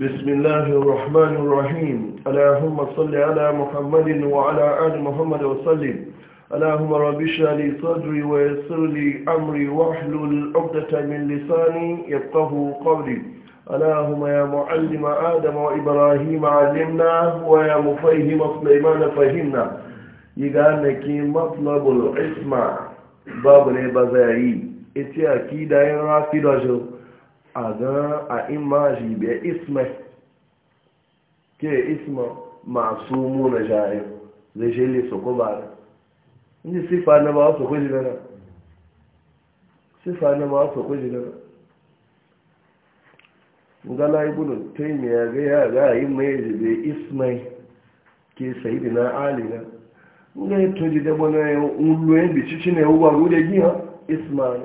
بسم الله الرحمن الرحيم اللهم صل على محمد وعلى آل محمد وسلم اللهم رب اشرح لي صدري ويسر لي امري واحلل عقدة من لساني يفقه قولي اللهم يا معلم آدم وإبراهيم علمنا ويا مفهم سليمان فهمنا يغانك مطلب العصمة باب البزائي اتي أكيد رافي رجل a ga a imaji biya isma ke isma masu muna jayin zai shele su ko da inda sifa na ba su na sifa na na ya ga ya ga yi mai jibe ismai ke sayidina ali na ngai tuji na bona ulwe bi cici ne uwa rude gina ismai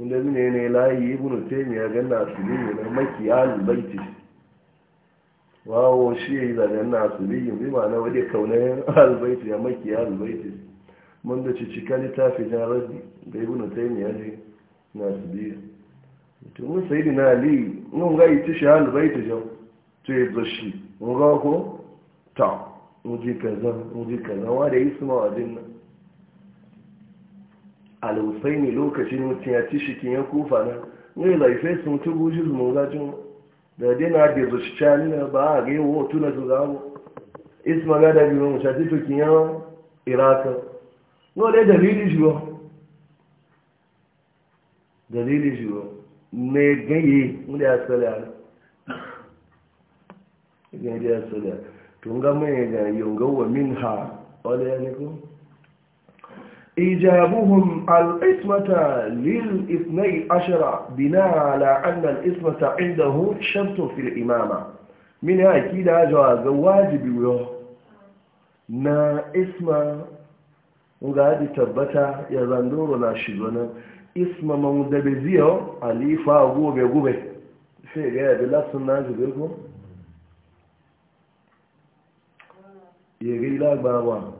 inda zai ne layi ibn taymiya ganna asuli ne makiya albayti wawo shi yi da ganna asuli bi ma na wade kaune albayti ya makiya albayti mun da cicika littafi na rabbi da ibn taymiya ne na asuli to mun sai na ali mun ga yi shi albayti jau to yi shi, mun ga ko ta mun ji kaza mun ji kaza wa da isma wa dinna alhusaini lokacin mutum ya ci shikin ya kufa na ne laifai sun ci guji zumun gajin da dina da zuci cani na ba a ga yawo tuna su zamu isma ga da biyu mutum ci shikin ya iraka no dai dalili ba dalili ba ne ganye wanda ya tsali a ganye ya tsali a tun ga mai ga yungawa min ha wani ya ne إيجابهم الإثمة للإثني عشر بناء على أن الإثمة عنده شرط في الإمامة من أكيد جواز واجب له نا إثمة وغادي تبتا يزندور ناشدونا إثمة مدبزيو أليفا غوبة غوبة في غير لا سنة جبيركم يغيلا بابا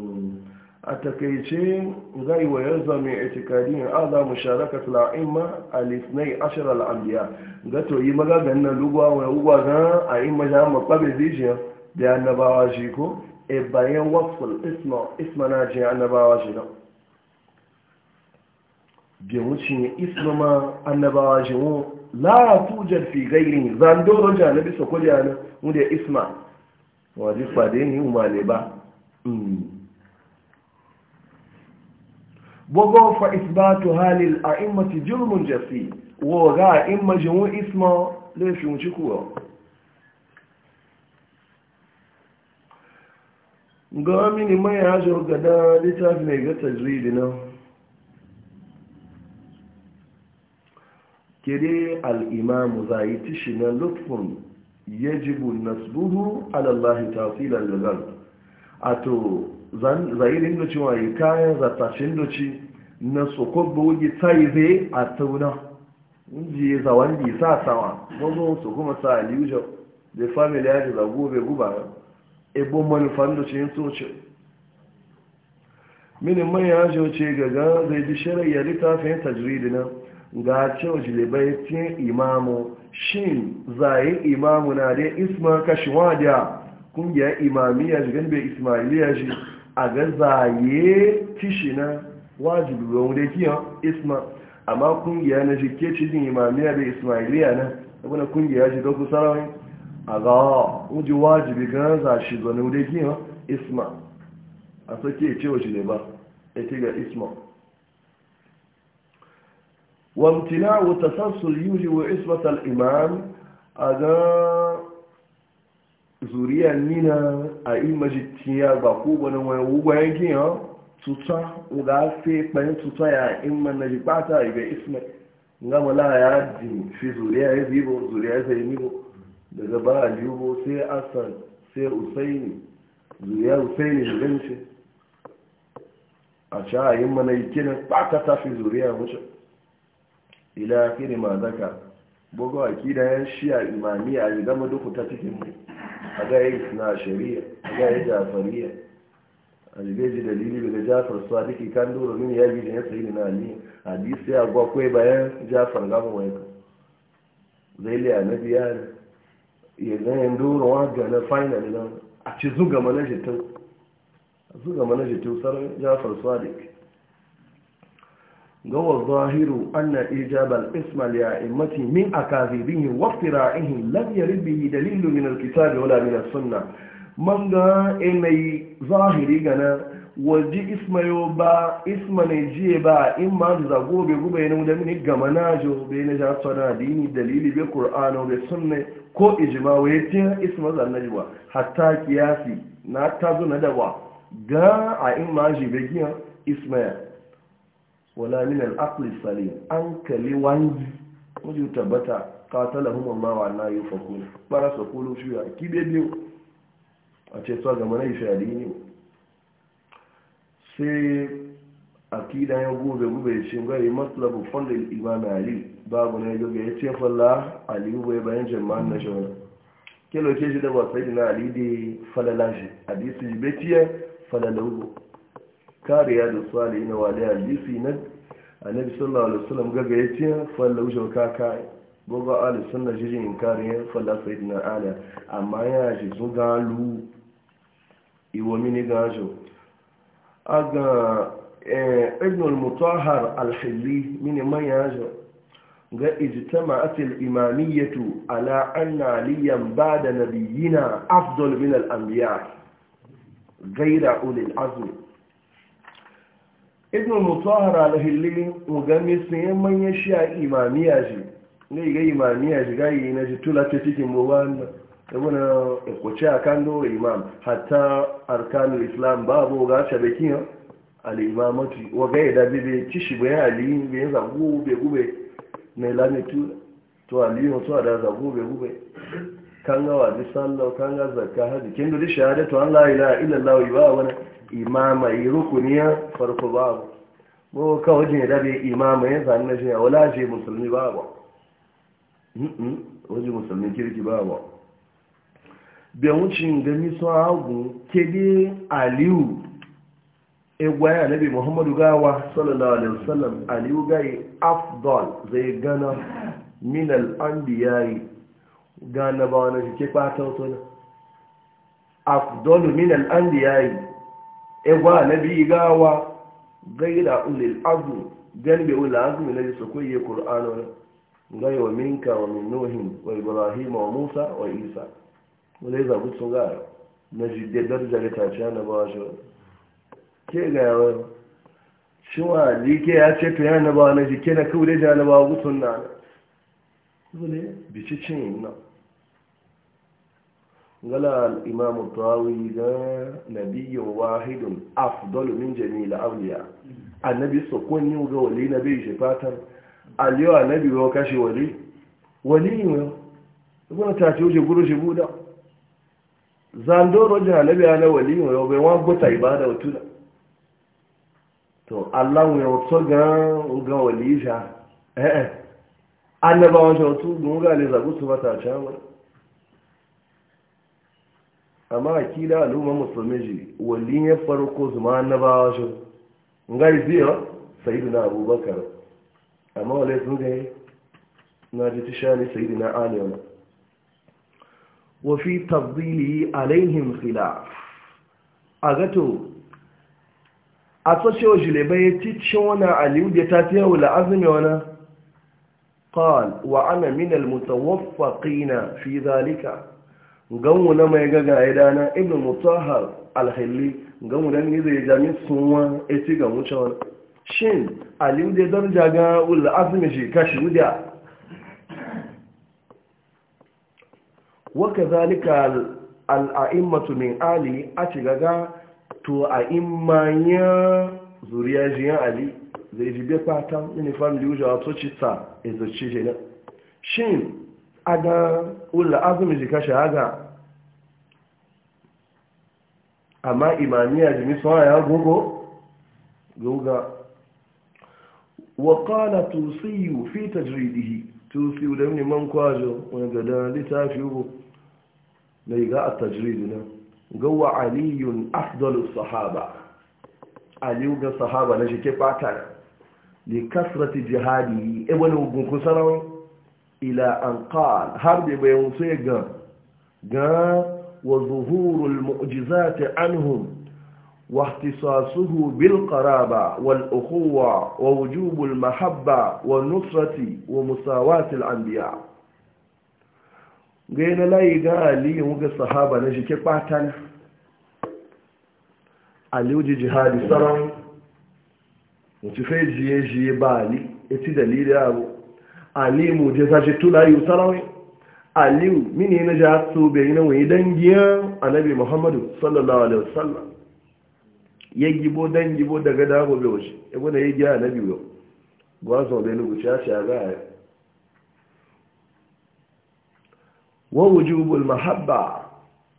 التكيتين ذي ويلزم اعتكادين هذا مشاركة الأئمة الاثني عشر الأنبياء قلتوا إيما قال أن لغوة ويغوة أئمة جاء مطبع ديجيا بأن نباواجيكو إبا ينوصف الاسم اسم ناجي أن نباواجينا بيموشي اسم ما أن نباواجينو لا توجد في غيره زاندو رجع نبي سكولي أنا ودي اسم ودي فاديني ومالي با 嗯。Mm. bogo fa isbatu halil a'immati jurmun jasi wo ga imma jimu isma laifin cikuwa ga mini mai hajo gada littafi mai ga tajridi na kere al'imamu za tishi na lutfun yajibu nasbuhu alallahi tasirar da zan ato zahirin da cewa yi kayan zatashin da ci na sokobba wuge tsaye a tauna inji ya za wani sa sama gbogbo su kuma sa aliyu da famili ya ji zago bai guba ebo manufan da ci yin soce minin mai ya ce ce gaga zai ji shirya littafin tajiridi na ga cewa jilibai tin imamu shin zai imamu na dai isma kashi wadiya kungiyar imamiyar shi bai ismailiyar shi a ga zaye tishi na wajibi ga wunde kiyan isma amma kungiya na shi ke cikin imamiya da ismailiya na abuna kungiya shi ga kusa rawai a ga wuji wajibi ga za shi zane wunde kiyan isma a sake cewa shi ne ba ya ce ga isma Wamtina yuri wa يوجب imam a ga zuriya nina a imaji tiya ba ko wani wani wugwayen giyan tuta da fi kpanin tuta ya mana ji na jibata ibe ismai nga mala ya di fi zuriya ya zibo zuriya ya zai nigo daga ba a aliyu sai asan sai usaini zuriya usaini da ganci a sha a yi mana yi ikinin ta fi zuriya mace ila kiri ma zaka bugawa a shi a imami a yi gama duku ta cikin mai a ga na shari'a a ga yi jafariya a jibeji dalili daga jafar sadiki kan doro min ya gidi ya sayi na ali hadisi ya gwa kwai bayan jafar gama wai ka zai liya na biya ne ya ganyen duro wa ga na final nan a ci zuga mana jitau zuga mana jitau sarar jafar gawa zahiru anna ijabal ismal ya immati min akazibin waftira'ihi lam yarid bihi dalilu min alkitabi wala min as-sunna man ga mai zahiri gana waje ismayo ba isma ne jiya ba in ma da gobe gube ne da mini gama na jo be ne ja tsara dini dalili be qur'ano be sunna ko ijma wa yace isma zannaji ba hatta kiyasi na tazo na dawa ga a in ma jibe giya ismaya wala min al-aqli salim an kali wangi wuju tabbata qatalahum ma wa la yufakun bara so kulu shi ya kibe biyu a ce so ga mana isha dini sai akida ya gobe gobe shi ga maslabu fadl imam ali babu ne gobe ya ce falla ali gobe bayan jama'an na shawara kelo ce shi da wasai na ali di falalaji hadisi betiye falalango كاري هذا الصالح هنا وليها اللي في ند النبي صلى الله عليه وسلم قال قيتيا فلا وجه كاكاي بغا آل السنة جيجي من كاري فلا سيدنا آل أما ياجي زنغان لو يوميني إيوه غاجو أغا إيه، ابن المطهر الحلي من ما ياجو اجتمعت الإمامية على أن عليا بعد نبينا أفضل من الأنبياء غير أولي العزم ibn mutahar al-hilli mugami sun yi manyan shi a imamiya shi ne ga imamiya shi gayi na ji tula ta cikin buwan ibn ikuce a kan doro imam hatta arkanul islam babu ga shabekin al wa ga yadda bai shi bai ali bai zagu bai gube na ilamitu to aliyu to da zagu bai gube kan ga wazi sallau kan ga zakka hajji kin da shahadatu an la ilaha yi ba wani imama yi rukuniyar farko babu ko kawai jin dabe imama ya sami na shiya wala ce musulmi babu wajen musulmi kirki babu biyan wucin gani sun hagu kebe aliyu egwaya nabi muhammadu gawa sallallahu alaihi wasallam aliyu gai afdol zai gana minal an biyayi gana ba wani shi ke kwata wato afdol minal an biyayi egwa na biyu gawa gaira ulil azu ganbe ulil azu na ji sokoyi kur'anon gai wa minka wa min wà wa ibrahim wa musa wa isa wale za sun gara na jide darja da taciya na ba shi ke ga yawon shiwa like ya ce to yana ba na jike na kawai da jana ba gutsun na wale bici cin nan ngala imam tawawi ga nabiyyun wahidun afdalu min jami'il awliya annabi so ko ga wali nabi je fatan aliyo annabi wa kashi wali wali ne ko ta ce je guru je buda zandoro je annabi ana wali ne be wa gota ibada wutula to Allah ya wato ga ga wali ja eh annabawan ta wato gunga ne zagu su bata ta wani amma akida al'umma musulmi ji wali ya farko zuma annabawa shi ngai biya sayyidina abubakar amma wale sun ga na ji tishani sayyidina ali wa wa fi tafdili alaihim khilaf agato a tsoshewa jilebai cikin wani aliyu da ta fiye wula azumi wani قال وأنا من المتوفقين في ذلك ganwu na mai gaga ya dana ibn mutahar alhalli ganwu dan ne zai jami sunwa eti ga wuce wani shin aliyu da darja ga wul azumi shi kashi wuda waka zalika al'a'immatu min ali a ci gaga to a imanya zuriya jiyan ali zai jibe fata mini family wuce wato ci ta ezo ci jina shin aga wula azumi jika shahaga amma imaniya jimi suna ya gogo goga wakala tusiyu fi tajridihi tusiyu da yamni man kwajo wani gada littafi uku da yi ga a tajridi na gawa aliyun afdalu sahaba aliyu ga sahaba na shi ke fata da kasrati jihadi ebe ne hukun kusa rawai ila an har da bai wuce ga ga wa zuhuru almu'jizat anhum wa ihtisasuhu bil karaba, wal ukhuwa wa wujub al mahabba wa nusrati wa musawat ambiya. anbiya gaina lai ga ali yin sahaba na shi ke patan ali uji jihadi saran mutufai jiye jiye ba ali eti dalili abu alimu je sashi tula yi sarawai aliyu mini na ja su bai na wani dangiyar annabi muhammadu sallallahu alaihi wasallam ya gibo dan gibo daga dago bai wuce ya gwada ya giya annabi yau gwazon bai wuce ya shi a gaya wa wujubul mahabba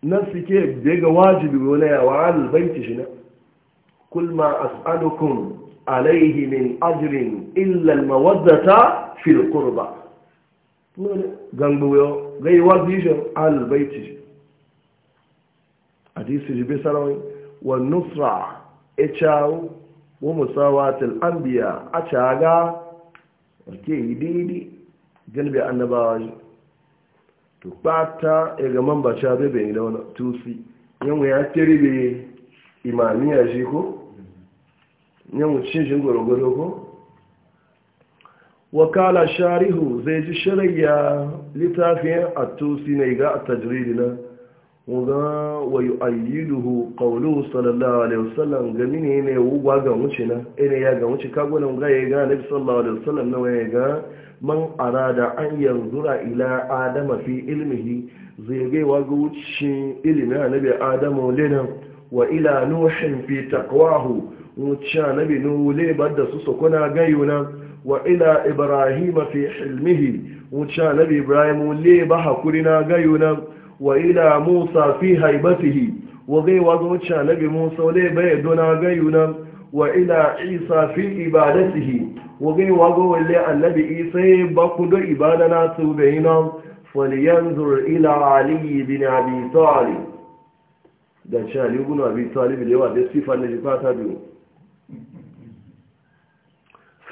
nan suke daga wajibi wani yawa albanki shi na Kulma ma as'alukum alaihi min ajrin illa almawaddata fil qurba gangbu yo gai wazishin albaiti hadisi jibe sarawai wa nusra echawu wa musawatil anbiya a caga yi daidai galibi annabawa ji to bata ya ga mamba sha bebe da wani tusi yan ya tere be imaniya shi ko yawon cinshin gwargwaro ko wakala sharihu zai ji shirya littafin tusi na ga tajiridi na wuga wa yi ayyiduhu ƙaunu sallallahu alaihi wasallam gani ne ne wugwa ga wuce na ina ya ga wuce kagunan ga ya ga na sallallahu alaihi wasallam na waya ga man arada an yanzura ila adama fi ilmihi zai gaiwa ga wuce ilimin annabi adamu lena wa ila nuhin fi taqwahu wuciya na binu lebar da su sokuna gayuna wa ila ibrahim fi hilmihi wuciya na bi ibrahim leba hakuri na gayuna wa ila musa fi haibatihi wa gaiwa zuciya na bi musa leba yadda na gayuna wa ila isa fi ibadatihi wa gaiwa gowale annabi isa ba ku do ibada na su bayinan falyanzur ila ali bin abi talib da shi ali ibn abi talib da yawa da sifan da fata biyu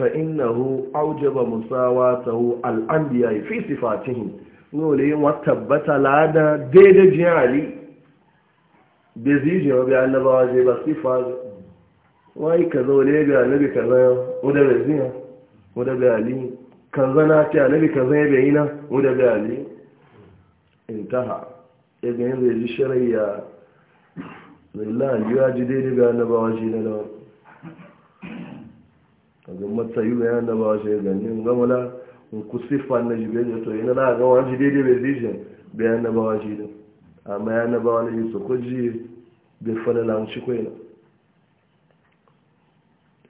فإنه أوجب مساواته الأنبياء في صفاتهم نولي وتبت لادا ديد جعلي بزيجي وبيع النبواجي بصفة وأي كذا ولي بيع النبي كذا وده بزيها وده بيعلي كذا ناتي النبي كذا يبيعينا وده بيعلي انتهى ابن ذي الشريعة لله يواجد ديد بيع النبواجي لنا daga matsayi ya da ba shi ganin gamala ku sifa na jibe da to yana na ga wani daidai bai dijin bayan na bawa shi din amma ya na bawa na yusu ko ji bai fada lamci ko yana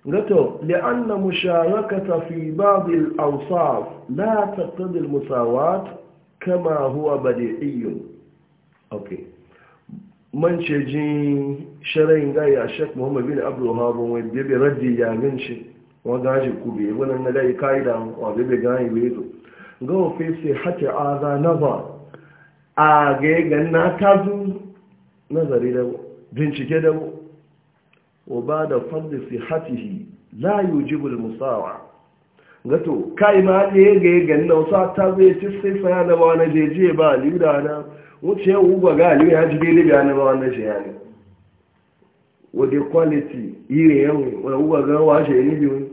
gato li'anna musharakata fi ba'd al-awsaf la taqtadi al-musawat kama huwa ba badi'iyyun okay man ce jin sharai ga ya shek Muhammadu bin Abdullahi wahab wani bebe raddi ya min shi wọ́n gáàjì bí ẹgbẹ́ na nílẹ̀ ìkáìdà wọ́n bẹ̀bẹ̀ gáàjì ìwé ètò gáwọ́ fèsì hàtì àzá náà àgẹ́gẹ́ náà tàbí nazari da bincike da wa ba da fadli fi hatihi la yujibul musawa gato kai ma ne ga ga na wasa ta zai ci sai fa da ba na jeje ba liuda na wuce uba ga na quality uba ga ni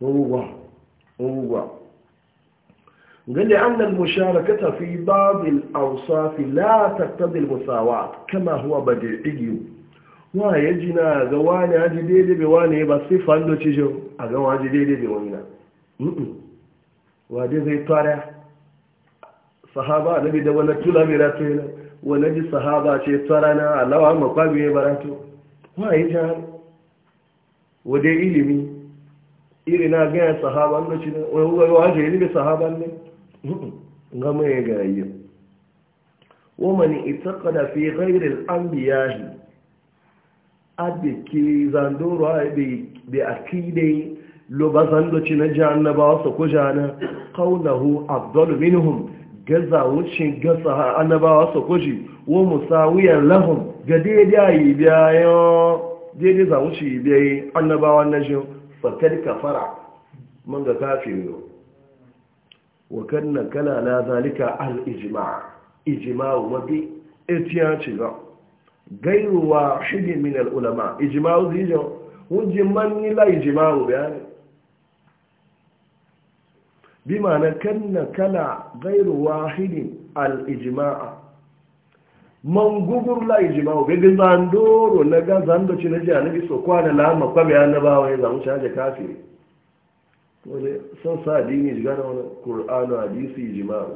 wawuwa wawuwa gani annal musharakata fi babil awsafi la taqtadi al musawat kama huwa badi'i wa yajina ga wani haji daidai bai wani ba sifan do cijo a ga wani daidai bai wani na zai tara sahaba nabi da wani tula mai rato yana wani ji sahaba ce tara na alawa makwabi ya yi jihar wadda ilimi iri na gaya sahaban na cinan wani wugari wajen ilimin sahaban ne gama ya gayi wamani itaka da fi gairin an biyahi abiki zandoro a bi akidai lobazan da cinan jannabawa su kujana kaunahu abdullu minhum gaza wucin gasa annabawa su kuji wa musawiyar lahun ga daidai yau. daidai za mu ci bai annabawan na shi fakar fara, man ga kafin yau Wa kanna kala na zalika al-ijima ijima wabi etiya ci ba gairuwa shigin min al'ulama ijima zijo wujin man nila ijima wubiyani bi ma na kanna kala gairuwa shigin al man gugur la ijima o gaga doro, na ga zando da na ji anabi so kwana la ma kwabe ba ya zamu shaje kafiri wani son sa dini jiga na wani qur'anu hadisi ijima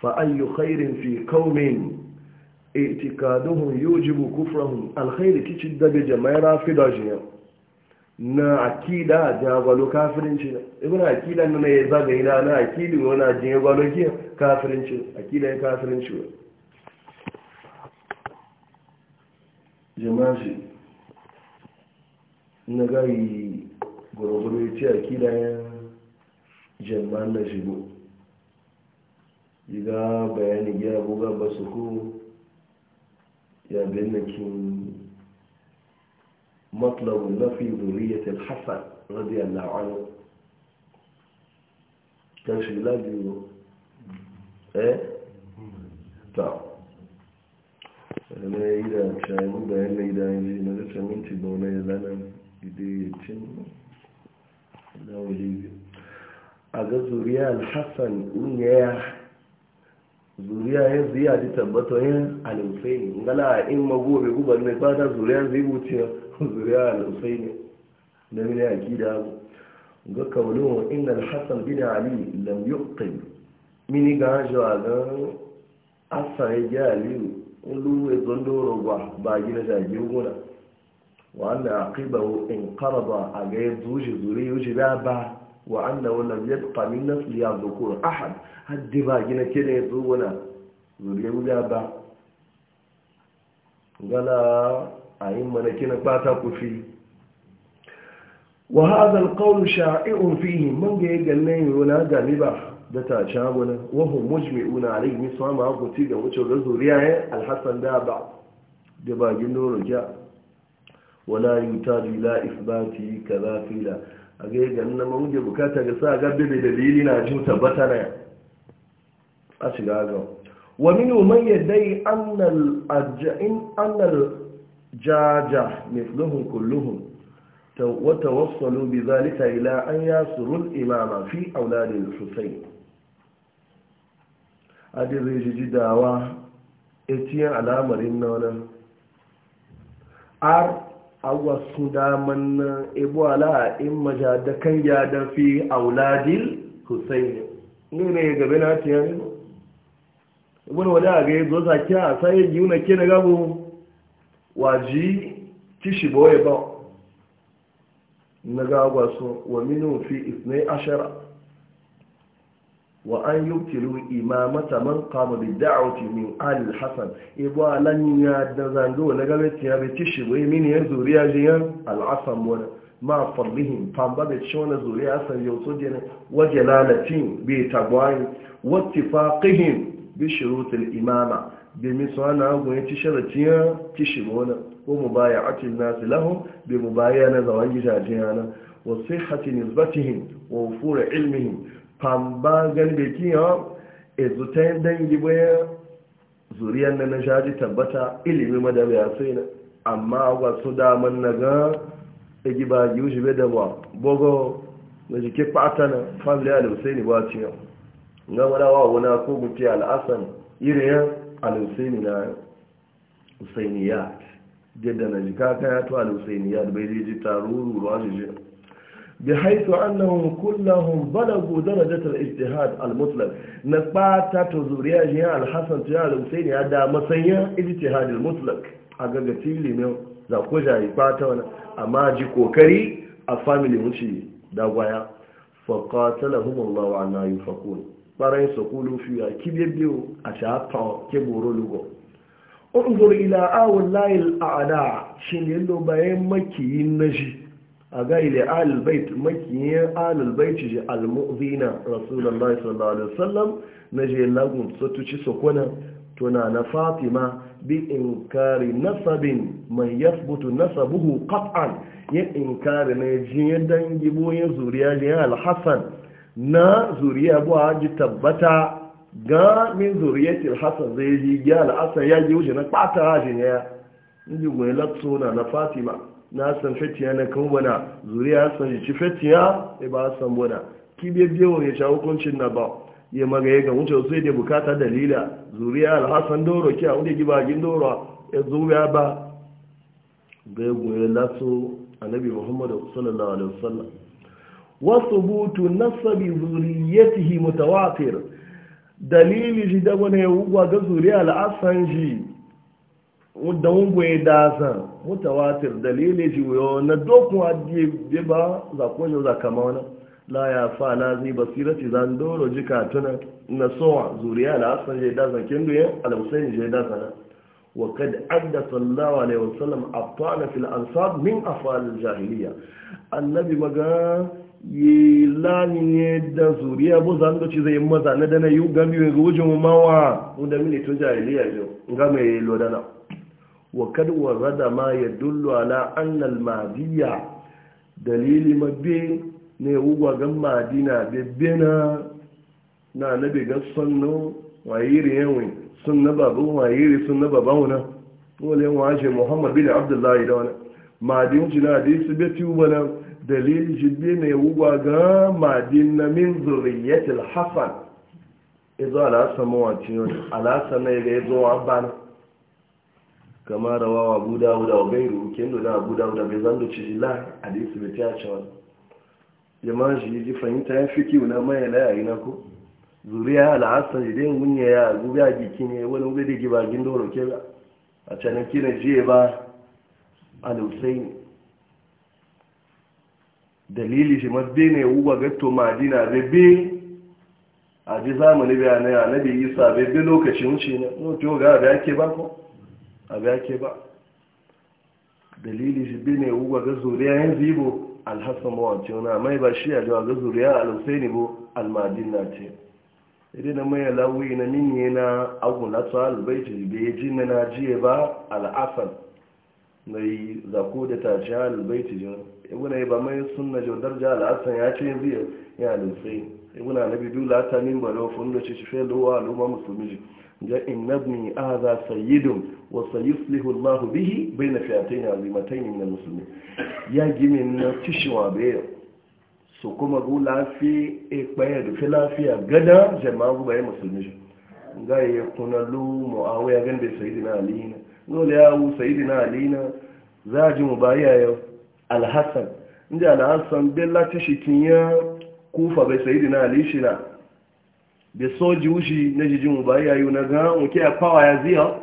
fa ayu khairin fi qaumin i'tikaduhum yujibu kufrahum alkhairi kici daga jama'ira fi dajiya na akida lo kafirinci na ibn akida na ya ina na akidin wani jagwalo kafirinci akida ya kafirinci wani jimashi na gari gwargwaro ya ce a kidayen jama'an na shigo diga bayani ya buga ba su ku ya kin binnakin matlabun nafi zuriyatul hassan radiyallahu anhu kan shi labiyo eh ta sannan ya yi da shayin bayan mai na ba wani ya idayacin na olivia a ga zuriya alhassan ya zuriya ya ziya ji tabbata yin alhussaini ngala in magobe gubar ne fata zuriya zai wuce zuriya na mini akida abu ga kaunin inna alhassan bin ali lam mini ga hajjawa ga asa ya ji aliyu ulu ya zondoro ba ba gina jage guna wanda ƙibar in ba a ga zuji zuri yuji da ba wa annahu lam yabqa na su ya dhukur ahad haddi ba gina ya zo wana zuri wuya ba Gana a yi mana kina kwata kufi wa hadha alqawl sha'i'un fihi man ga wani gani ba. da ta shagunan wahun mujmi'una alayhi misama su hama da ga wucin da zuriya ya alhasan da ba da bagin noro ja wala yi ta jula isbati ka zafila a ga yi ganin na mamuje bukata ga sa gabe da dalili na jin tabbata ne a shiga ga wa min man yadai annal ajja'in annal jaja mithluhum kulluhum وتوصلوا بذلك إلى أن يصروا الإمام في أولاد الحسين adi zai ji ji dawa etiyan al'amarin na ar a wasu daman na ibu ala in da kan ya dafi auladil hussein ne ne gabe na tiyan yi wani wani a ga zo zaki a sayi yiwu na ke na gabo waji kishi boye ba na ga su wa minu fi isnai ashara wa an yubtilu imamata man qama bi da'wati min ali al-hasan ibo alan ya da zango na gabe ti ya bi shi boye min ya zuriya jiyan al-hasan wa ma fadlihim famba be shona zuriya san yau so dena wa jalalatin bi tagwai wa ittifaqihim bi shurut al-imama bi misana go ya ci sharatiya ci shi bona ko mubaya'atin nas lahum bi mubayana zawangi jajiyana wa sihhati nisbatihim wa wufur ilmihim famba galibe kiyan ezutan dangi bayan zuriyar na na shaji tabbata ilimin madabi ya sai amma wasu daman na ga igi ba yi wuce da ba bogo na jike fata na family alusaini ba ci yau na wadawa wana ko mutu al'asan irin alusaini na usainiyat jidda na jika kaya to alusainiyat bai je ji taruru ruwa jijin بحيث أنهم كلهم بلغوا درجة الاجتهاد المطلق نقبات تزوريا جهة الحسن تجاه الحسين هذا مسيا الاجتهاد المطلق أقل لي ميو زاكو جاي باتونا أما جي كوكري أفاملي منشي دوايا فقاتلهم الله عنا يفقون بارين سقولوا فيها كيف يبدو أشعطا كبورو لغو انظر إلى أول لا الأعداء شين يلو باين مكي نجي a gaile alulbait makiyin alulbait ji almu'zina rasulallah sallallahu alaihi wasallam na je lagun sotuci sokona tuna na fatima bi inkari nasabin man yasbutu nasabuhu qat'an ya inkari ne jiye dangi boye zuriya ne alhasan na zuriya bu ji tabbata ga min zuriyati alhasan zai ji ya alhasan ya ji wuce na kwata haji ne ya ji goyi latsona na fatima na san fetiya na kan wana zuriya san ci fetiya e ba san wana ki be biyo ya sha hukuncin na ba ya magaye ga wuce sai da bukata dalila zuriya alhassan doro ki a wanda gibagin doro ya ya ba ga goye laso annabi muhammad sallallahu alaihi wasallam wa thubutu nasabi zuriyatihi mutawatir dalili ji da wani ya wugwa ga zuriya alhassan ji da wungwe da san mutawatir dalilin jiwo na dokun adiye ba za ko za kama wani la ya fa na zai basirati zan doro k'a tuna na sowa zuriya da asan je da san kin duye al je da san wa kad adda sallallahu alaihi wasallam afana fil ansab min afal al-jahiliya annabi maga yi lani da zuriya bu zan do zai maza na da na yu gami ga wujin mawa mu da mini tun jahiliya jo ga mai lodana wa kad warada ma yadullu ala anna al-madiya dalili mabbe ne wugwa gan madina bebbe na na nabi ga sannu wayiri yawin sunna babu wayiri sunna babu na wale waje muhammad bin abdullahi da wani madin jina hadisi be tuba na dalili jibbe ne wugwa ga madina min zurriyatil hasan idza ala samawati ala sanai ga yazo abana kama rawawa abu dawud wa gairu kendo da abu dawud bai zando ci jila hadisi bai ta cewa jama'a shi ji fahimta ya fiki na mai la yayi na ko zuriya al'asar al'asan idan gunya ya gubi a jiki ne wani gubi da gibagin doro ke ba a canan kina jiye ba al ne. dalili shi mabbe ne uwa gatto madina bebe a ji zamani bayanai a nabi isa bebe lokacin shi ne no to ga da yake ba ko abu yake ba dalili shi bi ne wuga ga zuriya yin zibo alhassan mawace wani mai ba shi yajewa ga zuriya ne bo almadin na ce idan na mai lawi na mini na agu na tsawa albaiti bai ji na na jiye ba al'afan na yi zako da tashi albaiti jiwa ibuna yi ba mai sunna jau darja al'asan ya ce zai ya alhussaini ibuna na bidu lata min da wafin da shi shi fe lowa al'umma musulmi ga inna ibni hadha sayyidun wa sayuslihu Allah bihi na fiyatayn azimatayn min musulmi ya gimin na tishwa be so kuma go lafi e paye do fi lafiya gada jama'a go baye musulmi ga ya kuna lu muawiya gan be sayyidina ali na alina za a sayyidina ali na zaji mubaya yau alhasan inda alhasan bella tashikin ya kufa be sayyidina ali shi da soji wushi na jijin mu ba yayu na ga muke a fawa ya ziya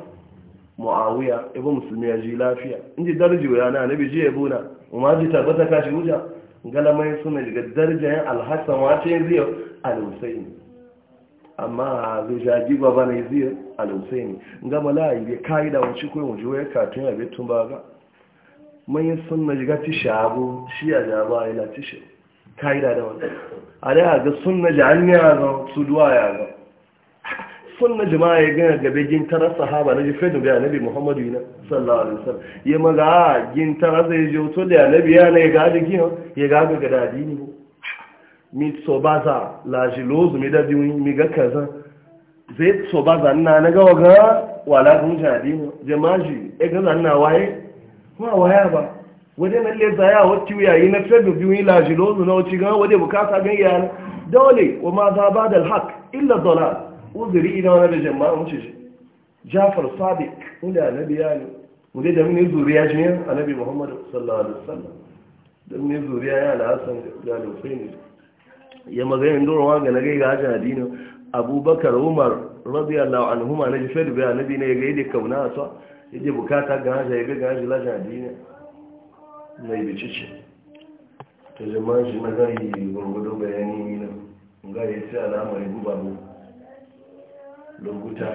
muawiya ibo musulmi ya ji lafiya inji darji ya na nabi ji yabo na umma ji tabbata ka shi wuja ngala mai suna daga darjayin alhassan wace ziya al-husaini amma zai shaji baba na ziya al-husaini ngama la yi kai da wuce ko wuce wai ka tun ya tun ba ga mai sunna jiga tishabu shi ya jaba ila tishabu ka'ida da wannan a da ya ga sunna jami'a ga su duwa ya ga sunna jama'a ya gina gabe gintara sahaba na jife da biyu muhammadu yana sallawa da wasallam ya maga a ah, gintara zai ji wato da nabi ya gada gina ya gada ga da ne mi so baza la lozu mi da biyu mi ga kaza zai so baza na na ga waga wala kun jadi jama'a ji ya eh, gaza na waye wa waya ba wade na le zaya wacce yayi na fedu biyu yi lajilo su na wacce gama wade bukata gan yana dole wa ma za ba da hak illa dola uzuri ina wani da jama'a wuce shi jafar sadiq inda annabi ya ne wade da mini zuriya shi ne annabi muhammadu sallallahu alaihi wasallam da mini zuriya ya da hasan da alhusaini ya magana ndorowa ga na gai ga hajji adini abubakar umar radiyallahu anhuma na jifar biya annabi ne ya ga yadda kauna sa yadda bukata ga hajji ya ga ga hajji lajin adini mai bici ce ta jama'a shi na gari gwargwado bayani nan ga ya ce alamar guba mu lokuta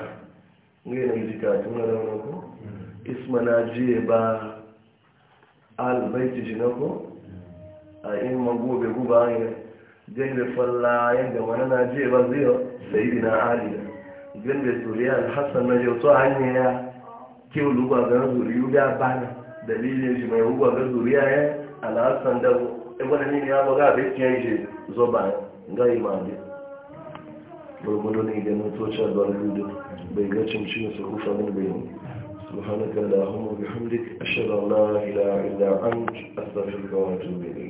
ga yana ji katun na nan isma na jiye ba albaiti ji na ko a in magobe guba ne jan da falla yadda wani na jiye ba zai sayi na ali jan da zuriya alhassan na jautu hanyar ya ke luba zuri yu da bana dalilin shi mai ruba ga zuriya ya alhassan da ibn ne ya baga abin kiyan shi zo ba ga imani gurgudu ne da mutocin gurgudu bai ga cimcin su kufa min bai ne سبحانك اللهم وبحمدك أشهد أن لا إله إلا أنت أستغفرك وأتوب إليك